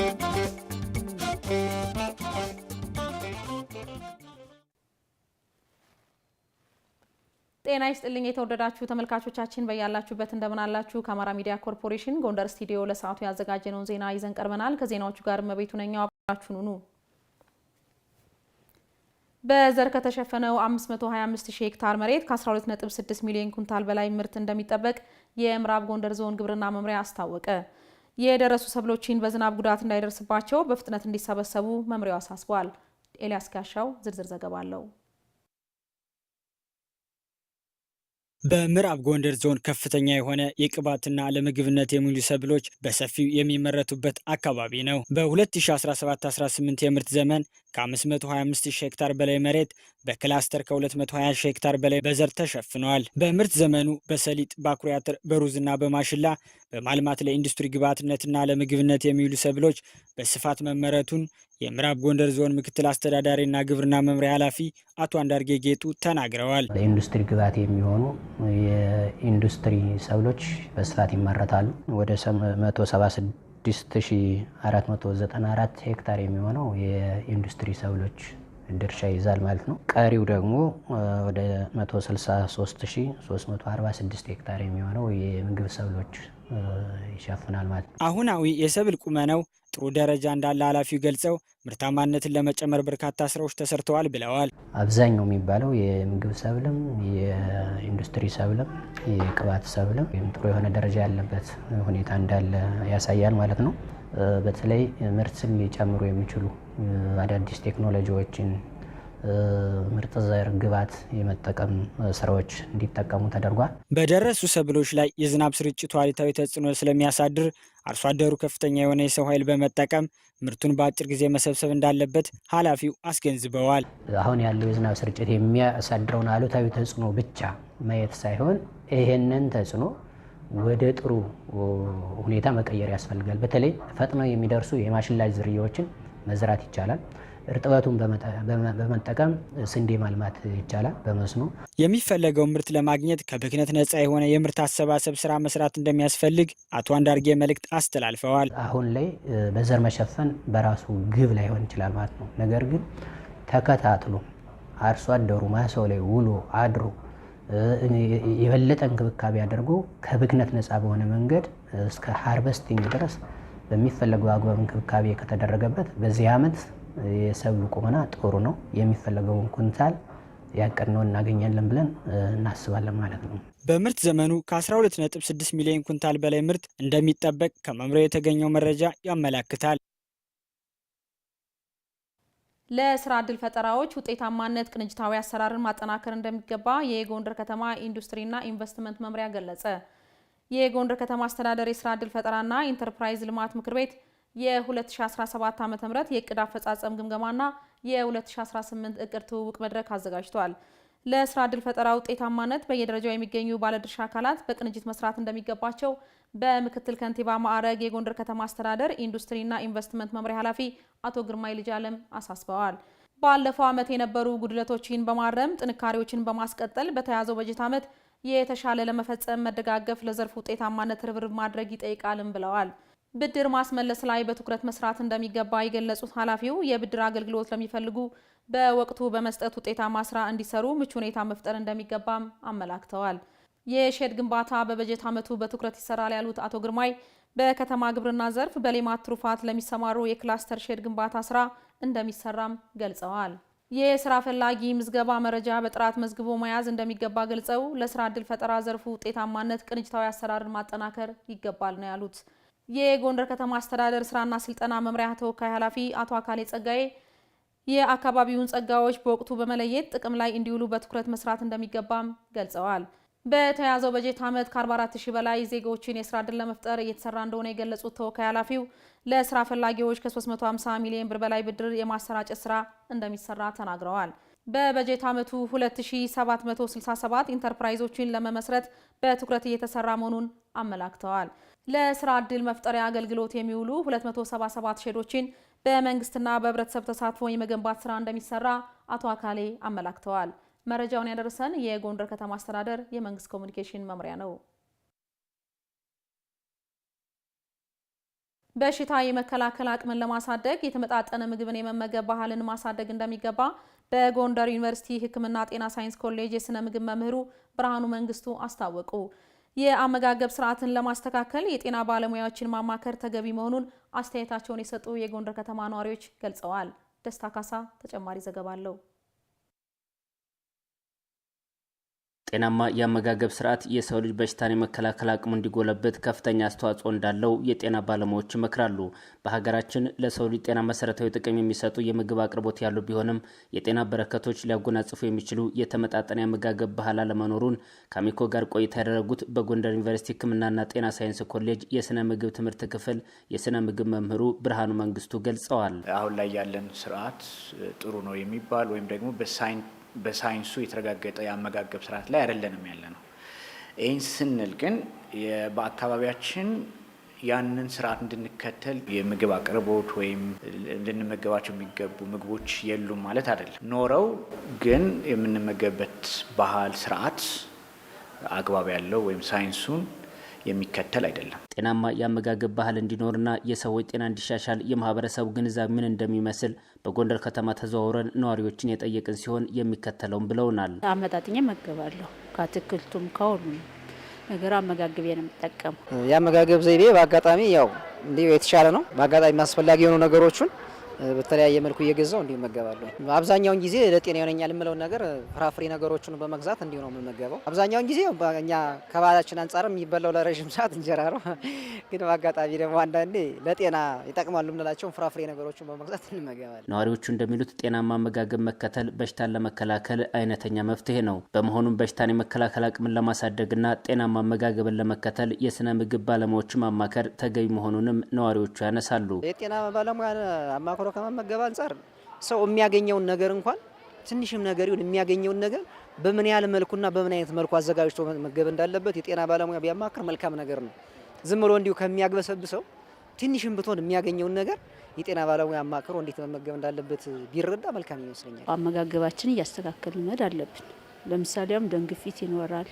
ጤና ይስጥልኝ የተወደዳችሁ ተመልካቾቻችን፣ በያላችሁበት እንደምን አላችሁ? ከአማራ ሚዲያ ኮርፖሬሽን ጎንደር ስቱዲዮ ለሰዓቱ ያዘጋጀነውን ዜና ይዘን ቀርበናል። ከዜናዎቹ ጋር መቤቱ ነኛው፣ አብራችሁን ሁኑ። በዘር ከተሸፈነው 525 ሺህ ሄክታር መሬት ከ12.6 ሚሊዮን ኩንታል በላይ ምርት እንደሚጠበቅ የምዕራብ ጎንደር ዞን ግብርና መምሪያ አስታወቀ። የደረሱ ሰብሎችን በዝናብ ጉዳት እንዳይደርስባቸው በፍጥነት እንዲሰበሰቡ መምሪያው አሳስቧል። ኤልያስ ጋሻው ዝርዝር ዘገባ አለው። በምዕራብ ጎንደር ዞን ከፍተኛ የሆነ የቅባትና ለምግብነት የሚውሉ ሰብሎች በሰፊው የሚመረቱበት አካባቢ ነው። በ2017/18 የምርት ዘመን ከ525 ሄክታር በላይ መሬት በክላስተር ከ220 ሄክታር በላይ በዘር ተሸፍነዋል። በምርት ዘመኑ በሰሊጥ፣ በአኩሪ አተር፣ በሩዝና በማሽላ በማልማት ለኢንዱስትሪ ግብዓትነትና ለምግብነት የሚውሉ ሰብሎች በስፋት መመረቱን የምዕራብ ጎንደር ዞን ምክትል አስተዳዳሪና ግብርና መምሪያ ኃላፊ አቶ አንዳርጌ ጌጡ ተናግረዋል። ለኢንዱስትሪ ግብዓት የሚሆኑ የኢንዱስትሪ ሰብሎች በስፋት ይመረታሉ። ወደ 176494 ሄክታር የሚሆነው የኢንዱስትሪ ሰብሎች ድርሻ ይዛል ማለት ነው። ቀሪው ደግሞ ወደ 163346 ሄክታር የሚሆነው የምግብ ሰብሎች ይሸፍናል ማለት ነው። አሁናዊ የሰብል ቁመነው ጥሩ ደረጃ እንዳለ ኃላፊው ገልጸው ምርታማነትን ለመጨመር በርካታ ስራዎች ተሰርተዋል ብለዋል። አብዛኛው የሚባለው የምግብ ሰብልም የኢንዱስትሪ ሰብልም የቅባት ሰብልም ጥሩ የሆነ ደረጃ ያለበት ሁኔታ እንዳለ ያሳያል ማለት ነው። በተለይ ምርትን ሊጨምሩ የሚችሉ አዳዲስ ቴክኖሎጂዎችን ምርጥ ዘር ግባት የመጠቀም ስራዎች እንዲጠቀሙ ተደርጓል። በደረሱ ሰብሎች ላይ የዝናብ ስርጭቱ አሉታዊ ተጽዕኖ ስለሚያሳድር አርሶ አደሩ ከፍተኛ የሆነ የሰው ኃይል በመጠቀም ምርቱን በአጭር ጊዜ መሰብሰብ እንዳለበት ኃላፊው አስገንዝበዋል። አሁን ያለው የዝናብ ስርጭት የሚያሳድረውን አሉታዊ ተጽዕኖ ብቻ ማየት ሳይሆን ይህንን ተጽዕኖ ወደ ጥሩ ሁኔታ መቀየር ያስፈልጋል። በተለይ ፈጥነው የሚደርሱ የማሽላጅ ዝርያዎችን መዝራት ይቻላል። እርጥበቱን በመጠቀም ስንዴ ማልማት ይቻላል። በመስኖ የሚፈለገው ምርት ለማግኘት ከብክነት ነፃ የሆነ የምርት አሰባሰብ ስራ መስራት እንደሚያስፈልግ አቶ አንዳርጌ መልእክት አስተላልፈዋል። አሁን ላይ በዘር መሸፈን በራሱ ግብ ላይሆን ይችላል ማለት ነው። ነገር ግን ተከታትሎ አርሶ አደሩ ማሰው ላይ ውሎ አድሮ የበለጠ እንክብካቤ አድርጎ ከብክነት ነፃ በሆነ መንገድ እስከ ሃርቨስቲንግ ድረስ በሚፈለገው አግባብ እንክብካቤ ከተደረገበት በዚህ ዓመት የሰብል ቁመና ጥሩ ነው። የሚፈለገውን ኩንታል ያቀድነው እናገኛለን ብለን እናስባለን ማለት ነው። በምርት ዘመኑ ከ12.6 ሚሊዮን ኩንታል በላይ ምርት እንደሚጠበቅ ከመምሪያው የተገኘው መረጃ ያመላክታል። ለስራ ዕድል ፈጠራዎች ውጤታማነት ቅንጅታዊ አሰራርን ማጠናከር እንደሚገባ የጎንደር ከተማ ኢንዱስትሪና ኢንቨስትመንት መምሪያ ገለጸ። የጎንደር ከተማ አስተዳደር የስራ ድል ፈጠራና ኢንተርፕራይዝ ልማት ምክር ቤት የ2017 ዓ.ም የእቅድ አፈጻጸም ግምገማና የ2018 እቅድ ትውውቅ መድረክ አዘጋጅተዋል። ለስራ ዕድል ፈጠራ ውጤታማነት በየደረጃው የሚገኙ ባለድርሻ አካላት በቅንጅት መስራት እንደሚገባቸው በምክትል ከንቲባ ማዕረግ የጎንደር ከተማ አስተዳደር ኢንዱስትሪና ኢንቨስትመንት መምሪያ ኃላፊ አቶ ግርማይ ልጅ አለም አሳስበዋል። ባለፈው ዓመት የነበሩ ጉድለቶችን በማረም ጥንካሬዎችን በማስቀጠል በተያዘው በጀት ዓመት የተሻለ ለመፈጸም መደጋገፍ ለዘርፍ ውጤታማነት ርብርብ ማድረግ ይጠይቃልም ብለዋል። ብድር ማስመለስ ላይ በትኩረት መስራት እንደሚገባ የገለጹት ኃላፊው የብድር አገልግሎት ለሚፈልጉ በወቅቱ በመስጠት ውጤታማ ስራ እንዲሰሩ ምቹ ሁኔታ መፍጠር እንደሚገባም አመላክተዋል። የሼድ ግንባታ በበጀት ዓመቱ በትኩረት ይሰራል ያሉት አቶ ግርማይ በከተማ ግብርና ዘርፍ በሌማት ትሩፋት ለሚሰማሩ የክላስተር ሼድ ግንባታ ስራ እንደሚሰራም ገልጸዋል። የስራ ፈላጊ ምዝገባ መረጃ በጥራት መዝግቦ መያዝ እንደሚገባ ገልጸው ለስራ ዕድል ፈጠራ ዘርፉ ውጤታማነት ቅንጅታዊ አሰራርን ማጠናከር ይገባል ነው ያሉት። የጎንደር ከተማ አስተዳደር ስራና ስልጠና መምሪያ ተወካይ ኃላፊ አቶ አካሌ ጸጋዬ የአካባቢውን ጸጋዎች በወቅቱ በመለየት ጥቅም ላይ እንዲውሉ በትኩረት መስራት እንደሚገባም ገልጸዋል። በተያዘው በጀት ዓመት ከ44 ሺህ በላይ ዜጎችን የስራ እድል ለመፍጠር እየተሰራ እንደሆነ የገለጹት ተወካይ ኃላፊው ለስራ ፈላጊዎች ከ350 ሚሊዮን ብር በላይ ብድር የማሰራጨት ስራ እንደሚሰራ ተናግረዋል። በበጀት ዓመቱ 2767 ኢንተርፕራይዞችን ለመመስረት በትኩረት እየተሰራ መሆኑን አመላክተዋል። ለስራ ዕድል መፍጠሪያ አገልግሎት የሚውሉ 277 ሼዶችን በመንግስትና በህብረተሰብ ተሳትፎ የመገንባት ስራ እንደሚሰራ አቶ አካሌ አመላክተዋል። መረጃውን ያደረሰን የጎንደር ከተማ አስተዳደር የመንግስት ኮሚኒኬሽን መምሪያ ነው። በሽታ የመከላከል አቅምን ለማሳደግ የተመጣጠነ ምግብን የመመገብ ባህልን ማሳደግ እንደሚገባ በጎንደር ዩኒቨርሲቲ ሕክምና ጤና ሳይንስ ኮሌጅ የስነ ምግብ መምህሩ ብርሃኑ መንግስቱ አስታወቁ። የአመጋገብ ስርዓትን ለማስተካከል የጤና ባለሙያዎችን ማማከር ተገቢ መሆኑን አስተያየታቸውን የሰጡ የጎንደር ከተማ ነዋሪዎች ገልጸዋል። ደስታ ካሳ ተጨማሪ ዘገባ አለው። ጤናማ የአመጋገብ ስርዓት የሰው ልጅ በሽታን የመከላከል አቅሙ እንዲጎለበት ከፍተኛ አስተዋጽኦ እንዳለው የጤና ባለሙያዎች ይመክራሉ። በሀገራችን ለሰው ልጅ ጤና መሰረታዊ ጥቅም የሚሰጡ የምግብ አቅርቦት ያሉ ቢሆንም የጤና በረከቶች ሊያጎናጽፉ የሚችሉ የተመጣጠነ የአመጋገብ ባህል አለመኖሩን ከአሚኮ ጋር ቆይታ ያደረጉት በጎንደር ዩኒቨርሲቲ ሕክምናና ጤና ሳይንስ ኮሌጅ የስነ ምግብ ትምህርት ክፍል የስነ ምግብ መምህሩ ብርሃኑ መንግስቱ ገልጸዋል። አሁን ላይ ያለን ስርዓት ጥሩ ነው የሚባል ወይም ደግሞ በሳይንስ በሳይንሱ የተረጋገጠ የአመጋገብ ስርዓት ላይ አይደለንም ያለ ነው። ይህን ስንል ግን በአካባቢያችን ያንን ስርዓት እንድንከተል የምግብ አቅርቦት ወይም ልንመገባቸው የሚገቡ ምግቦች የሉም ማለት አይደለም። ኖረው ግን የምንመገብበት ባህል ስርዓት አግባብ ያለው ወይም ሳይንሱን የሚከተል አይደለም። ጤናማ የአመጋገብ ባህል እንዲኖርና የሰዎች ጤና እንዲሻሻል የማህበረሰቡ ግንዛቤ ምን እንደሚመስል በጎንደር ከተማ ተዘዋውረን ነዋሪዎችን የጠየቅን ሲሆን የሚከተለውን ብለውናል። አመጣጥኝ መገባለሁ ከአትክልቱም ከሁሉ ነገር አመጋገብ ነው የምጠቀሙ። የአመጋገብ ዘይቤ በአጋጣሚ ያው እንዲ የተሻለ ነው። በአጋጣሚ አስፈላጊ የሆኑ ነገሮችን በተለያየ መልኩ እየገዛው እንዲሁ እመገባለሁ። አብዛኛውን ጊዜ ለጤና ይሆነኛል የምለውን ነገር ፍራፍሬ ነገሮችን በመግዛት እንዲሁ ነው የምመገበው። አብዛኛውን ጊዜ እኛ ከባህላችን አንጻር የሚበላው ለረዥም ሰዓት እንጀራ ነው። ግን በአጋጣሚ ደግሞ አንዳንዴ ለጤና ይጠቅማሉ የምንላቸውን ፍራፍሬ ነገሮችን በመግዛት እንመገባለን። ነዋሪዎቹ እንደሚሉት ጤናማ አመጋገብ መከተል በሽታን ለመከላከል አይነተኛ መፍትሄ ነው። በመሆኑም በሽታን የመከላከል አቅምን ለማሳደግና ጤናማ አመጋገብን ለመከተል የስነ ምግብ ባለሙያዎችን ማማከር ተገቢ መሆኑንም ነዋሪዎቹ ያነሳሉ። የጤና ባለሙያ ጨምሮ ከመመገብ አንጻር ሰው የሚያገኘውን ነገር እንኳን ትንሽም ነገር ይሁን የሚያገኘውን ነገር በምን ያህል መልኩና በምን አይነት መልኩ አዘጋጅቶ መመገብ እንዳለበት የጤና ባለሙያ ቢያማክር መልካም ነገር ነው። ዝም ብሎ እንዲሁ ሰው ትንሽም ብትሆን የሚያገኘውን ነገር የጤና ባለሙያ አማክሮ እንዴት መመገብ እንዳለበት ቢረዳ መልካም ይመስለኛል። አመጋገባችን እያስተካከል መድ አለብን። ለምሳሌ ደም ግፊት ይኖራል፣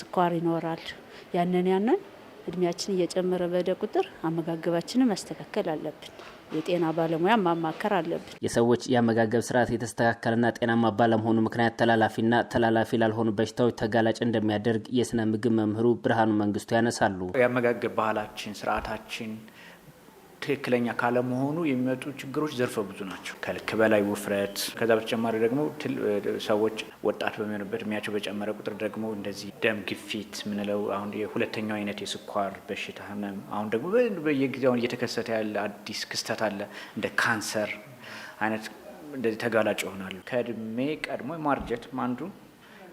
ስኳር ይኖራል። ያንን ያንን እድሜያችን እየጨመረ በደ ቁጥር አመጋገባችንን ማስተካከል አለብን። የጤና ባለሙያ ማማከር አለብን። የሰዎች የአመጋገብ ስርዓት የተስተካከለና ጤናማ ባለመሆኑ ምክንያት ተላላፊና ተላላፊ ላልሆኑ በሽታዎች ተጋላጭ እንደሚያደርግ የስነ ምግብ መምህሩ ብርሃኑ መንግስቱ ያነሳሉ። የአመጋገብ ባህላችን ስርዓታችን ትክክለኛ ካለመሆኑ የሚመጡ ችግሮች ዘርፈ ብዙ ናቸው። ከልክ በላይ ውፍረት፣ ከዛ በተጨማሪ ደግሞ ሰዎች ወጣት በሚሆንበት እድሜያቸው በጨመረ ቁጥር ደግሞ እንደዚህ ደም ግፊት ምንለው አሁን የሁለተኛው አይነት የስኳር በሽታ ህመም፣ አሁን ደግሞ በየጊዜው እየተከሰተ ያለ አዲስ ክስተት አለ እንደ ካንሰር አይነት እንደዚህ ተጋላጭ ይሆናሉ። ከእድሜ ቀድሞ ማርጀት አንዱ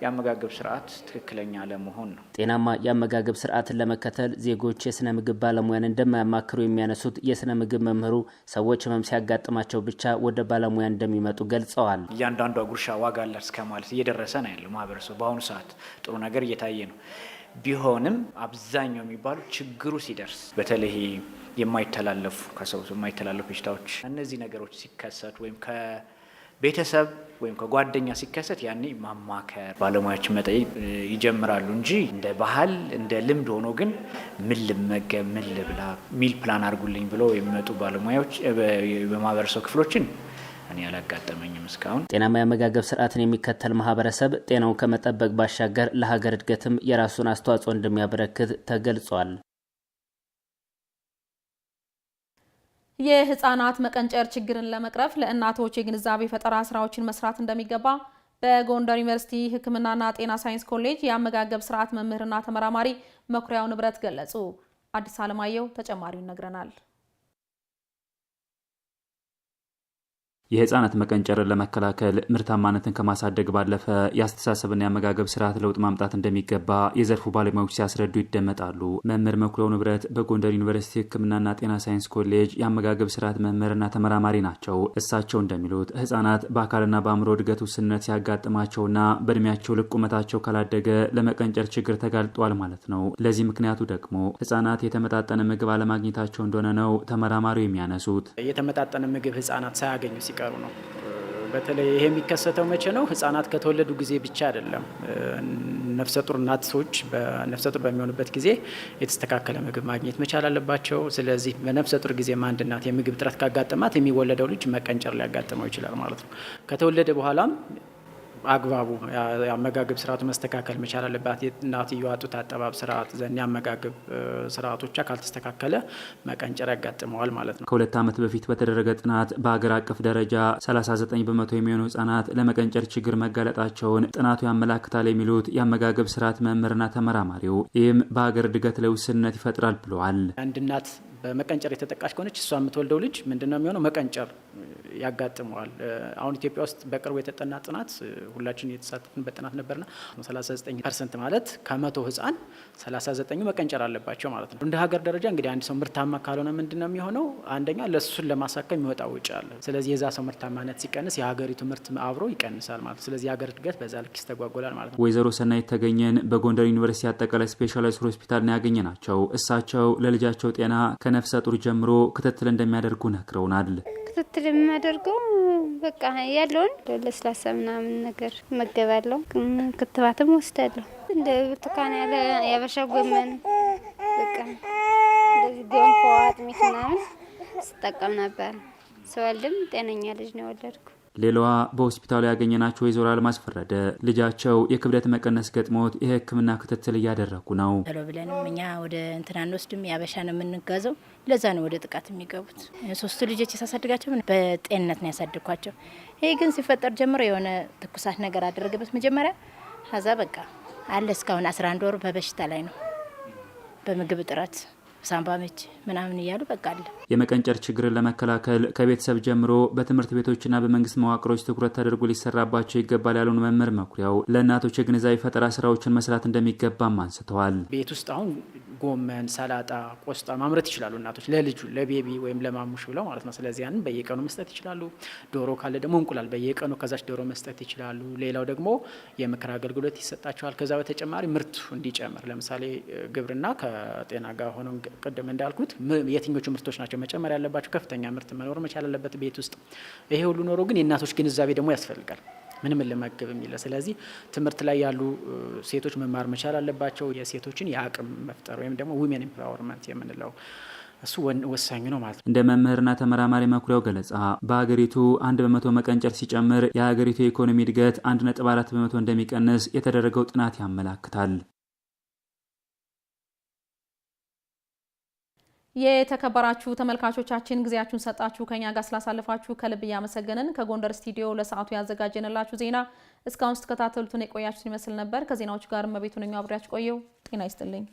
የአመጋገብ ስርዓት ትክክለኛ ለመሆን ነው። ጤናማ የአመጋገብ ስርዓትን ለመከተል ዜጎች የስነ ምግብ ባለሙያን እንደማያማክሩ የሚያነሱት የስነ ምግብ መምህሩ ሰዎች ህመም ሲያጋጥማቸው ብቻ ወደ ባለሙያ እንደሚመጡ ገልጸዋል። እያንዳንዷ ጉርሻ ዋጋ አላት እስከ ማለት እየደረሰ ነው ያለው ማህበረሰቡ። በአሁኑ ሰዓት ጥሩ ነገር እየታየ ነው። ቢሆንም አብዛኛው የሚባሉ ችግሩ ሲደርስ በተለይ የማይተላለፉ ከሰው የማይተላለፉ በሽታዎች እነዚህ ነገሮች ሲከሰቱ ወይም ቤተሰብ ወይም ከጓደኛ ሲከሰት ያኔ ማማከር ባለሙያዎችን መጠየቅ ይጀምራሉ እንጂ እንደ ባህል እንደ ልምድ ሆኖ ግን ምን ልመገብ፣ ምን ልብላ፣ ሚል ፕላን አድርጉልኝ ብሎ የሚመጡ ባለሙያዎች በማህበረሰብ ክፍሎችን እኔ አላጋጠመኝም እስካሁን። ጤናማ የአመጋገብ ስርዓትን የሚከተል ማህበረሰብ ጤናውን ከመጠበቅ ባሻገር ለሀገር እድገትም የራሱን አስተዋጽኦ እንደሚያበረክት ተገልጿል። የህፃናት መቀንጨር ችግርን ለመቅረፍ ለእናቶች የግንዛቤ ፈጠራ ስራዎችን መስራት እንደሚገባ በጎንደር ዩኒቨርሲቲ ሕክምናና ጤና ሳይንስ ኮሌጅ የአመጋገብ ስርዓት መምህርና ተመራማሪ መኩሪያው ንብረት ገለጹ። አዲስ አለማየሁ ተጨማሪውን ይነግረናል። የህፃናት መቀንጨርን ለመከላከል ምርታማነትን ከማሳደግ ባለፈ የአስተሳሰብና የአመጋገብ ስርዓት ለውጥ ማምጣት እንደሚገባ የዘርፉ ባለሙያዎች ሲያስረዱ ይደመጣሉ። መምህር መኩለው ንብረት በጎንደር ዩኒቨርሲቲ ሕክምናና ጤና ሳይንስ ኮሌጅ የአመጋገብ ስርዓት መምህርና ተመራማሪ ናቸው። እሳቸው እንደሚሉት ህፃናት በአካልና በአእምሮ እድገት ውስንነት ሲያጋጥማቸውና በእድሜያቸው ልክ ቁመታቸው ካላደገ ለመቀንጨር ችግር ተጋልጧል ማለት ነው። ለዚህ ምክንያቱ ደግሞ ህፃናት የተመጣጠነ ምግብ አለማግኘታቸው እንደሆነ ነው ተመራማሪው የሚያነሱት። የተመጣጠነ ምግብ ህጻናት ሳያገኙ ሲቀሩ ነው። በተለይ ይሄ የሚከሰተው መቼ ነው? ህጻናት ከተወለዱ ጊዜ ብቻ አይደለም። ነፍሰ ጡር እናቶች በነፍሰ ጡር በሚሆኑበት ጊዜ የተስተካከለ ምግብ ማግኘት መቻል አለባቸው። ስለዚህ በነፍሰ ጡር ጊዜ አንድ እናት የምግብ እጥረት ካጋጠማት የሚወለደው ልጅ መቀንጨር ሊያጋጥመው ይችላል ማለት ነው። ከተወለደ በኋላም አግባቡ የአመጋገብ ስርዓቱ መስተካከል መቻል አለባት። የእናትየዋ ጡት አጠባብ ስርዓት ዘን የአመጋገብ ስርዓቶች ካልተስተካከለ መቀንጨር ያጋጥመዋል ማለት ነው። ከሁለት ዓመት በፊት በተደረገ ጥናት በሀገር አቀፍ ደረጃ 39 በመቶ የሚሆኑ ህጻናት ለመቀንጨር ችግር መጋለጣቸውን ጥናቱ ያመላክታል የሚሉት የአመጋገብ ስርዓት መምህርና ተመራማሪው ይህም በሀገር እድገት ለውስንነት ይፈጥራል ብለዋል። አንድ እናት በመቀንጨር የተጠቃሽ ከሆነች እሷ የምትወልደው ልጅ ነው የሚሆነው? መቀንጨር ያጋጥመዋል። አሁን ኢትዮጵያ ውስጥ በቅርቡ የተጠና ጥናት ሁላችን የተሳተፍንበት ጥናት ነበርና 39 ፐርሰንት ማለት ከመቶ ህፃን 39ኙ መቀንጨር አለባቸው ማለት ነው። እንደ ሀገር ደረጃ እንግዲህ አንድ ሰው ምርታማ ካልሆነ ነው የሚሆነው? አንደኛ ለእሱን ለማሳከም የሚወጣ ውጭ አለ። ስለዚህ የዛ ሰው ምርታማነት ሲቀንስ የሀገሪቱ ምርት አብሮ ይቀንሳል ማለት ነው። ስለዚህ የሀገር እድገት በዛ ልክ ይስተጓጎላል ማለት ነው። ወይዘሮ ሰናይት የተገኘን በጎንደር ዩኒቨርሲቲ አጠቃላይ ስፔሻላይዝድ ሆስፒታል ነው ናቸው። እሳቸው ለልጃቸው ጤና ከነፍሰ ጡር ጀምሮ ክትትል እንደሚያደርጉ ነግረውናል። ክትትል የሚያደርገው በቃ ያለውን ለስላሳ ምናምን ነገር መገባለሁ፣ ክትባትም ወስዳለሁ። እንደ ብርቱካን ያለ የአበሻ ጎመን በቃ እንደዚህ ገንፎ፣ አጥሚት ምናምን ስጠቀም ነበር። ስወልድም ጤነኛ ልጅ ነው የወለድኩ። ሌላዋ በሆስፒታሉ ያገኘናቸው ወይዘሮ አልማዝ ፈረደ ልጃቸው የክብደት መቀነስ ገጥሞት የሕክምና ክትትል እያደረጉ ነው። ሎ ብለንም እኛ ወደ እንትና እንወስድም የአበሻ ነው የምንጋዘው። ለዛ ነው ወደ ጥቃት የሚገቡት። ሶስቱ ልጆች የሳሳድጋቸው በጤንነት ነው ያሳድግኳቸው። ይህ ግን ሲፈጠር ጀምሮ የሆነ ትኩሳት ነገር አደረገበት መጀመሪያ። ከዛ በቃ አለ እስካሁን 11 ወር በበሽታ ላይ ነው በምግብ እጥረት ሳምባ ምች ምናምን እያሉ በቃ አለ። የመቀንጨር ችግርን ለመከላከል ከቤተሰብ ጀምሮ በትምህርት ቤቶችና በመንግስት መዋቅሮች ትኩረት ተደርጎ ሊሰራባቸው ይገባል ያሉን መምህር መኩሪያው ለእናቶች የግንዛቤ ፈጠራ ስራዎችን መስራት እንደሚገባም አንስተዋል። ቤት ውስጥ አሁን ጎመን፣ ሰላጣ፣ ቆስጣ ማምረት ይችላሉ እናቶች ለልጁ ለቤቢ ወይም ለማሙሽ ብለው ማለት ነው። ስለዚህ ያንን በየቀኑ መስጠት ይችላሉ። ዶሮ ካለ ደግሞ እንቁላል በየቀኑ ከዛች ዶሮ መስጠት ይችላሉ። ሌላው ደግሞ የምክር አገልግሎት ይሰጣቸዋል። ከዛ በተጨማሪ ምርቱ እንዲጨምር ለምሳሌ ግብርና ከጤና ጋር ሆኖ ቅድም እንዳልኩት የትኞቹ ምርቶች ናቸው መጨመር ያለባቸው፣ ከፍተኛ ምርት መኖር መቻል አለበት ቤት ውስጥ። ይሄ ሁሉ ኖሮ ግን የእናቶች ግንዛቤ ደግሞ ያስፈልጋል። ምንም ልመግብ የሚለ ስለዚህ ትምህርት ላይ ያሉ ሴቶች መማር መቻል አለባቸው። የሴቶችን የአቅም መፍጠር ወይም ደግሞ ዊሜን ኢምፓወርመንት የምንለው እሱ ወሳኝ ነው ማለት ነው። እንደ መምህርና ተመራማሪ መኩሪያው ገለጻ በሀገሪቱ አንድ በመቶ መቀንጨር ሲጨምር የሀገሪቱ የኢኮኖሚ እድገት አንድ ነጥብ አራት በመቶ እንደሚቀንስ የተደረገው ጥናት ያመላክታል። የተከበራችሁ ተመልካቾቻችን ጊዜያችሁን ሰጣችሁ ከኛ ጋር ስላሳለፋችሁ ከልብ እያመሰገንን ከጎንደር ስቱዲዮ ለሰዓቱ ያዘጋጀንላችሁ ዜና እስካሁን ስትከታተሉትን የቆያችሁን ይመስል ነበር። ከዜናዎቹ ጋር መቤቱ ነኛ አብሬያችሁ ቆየው። ጤና ይስጥልኝ።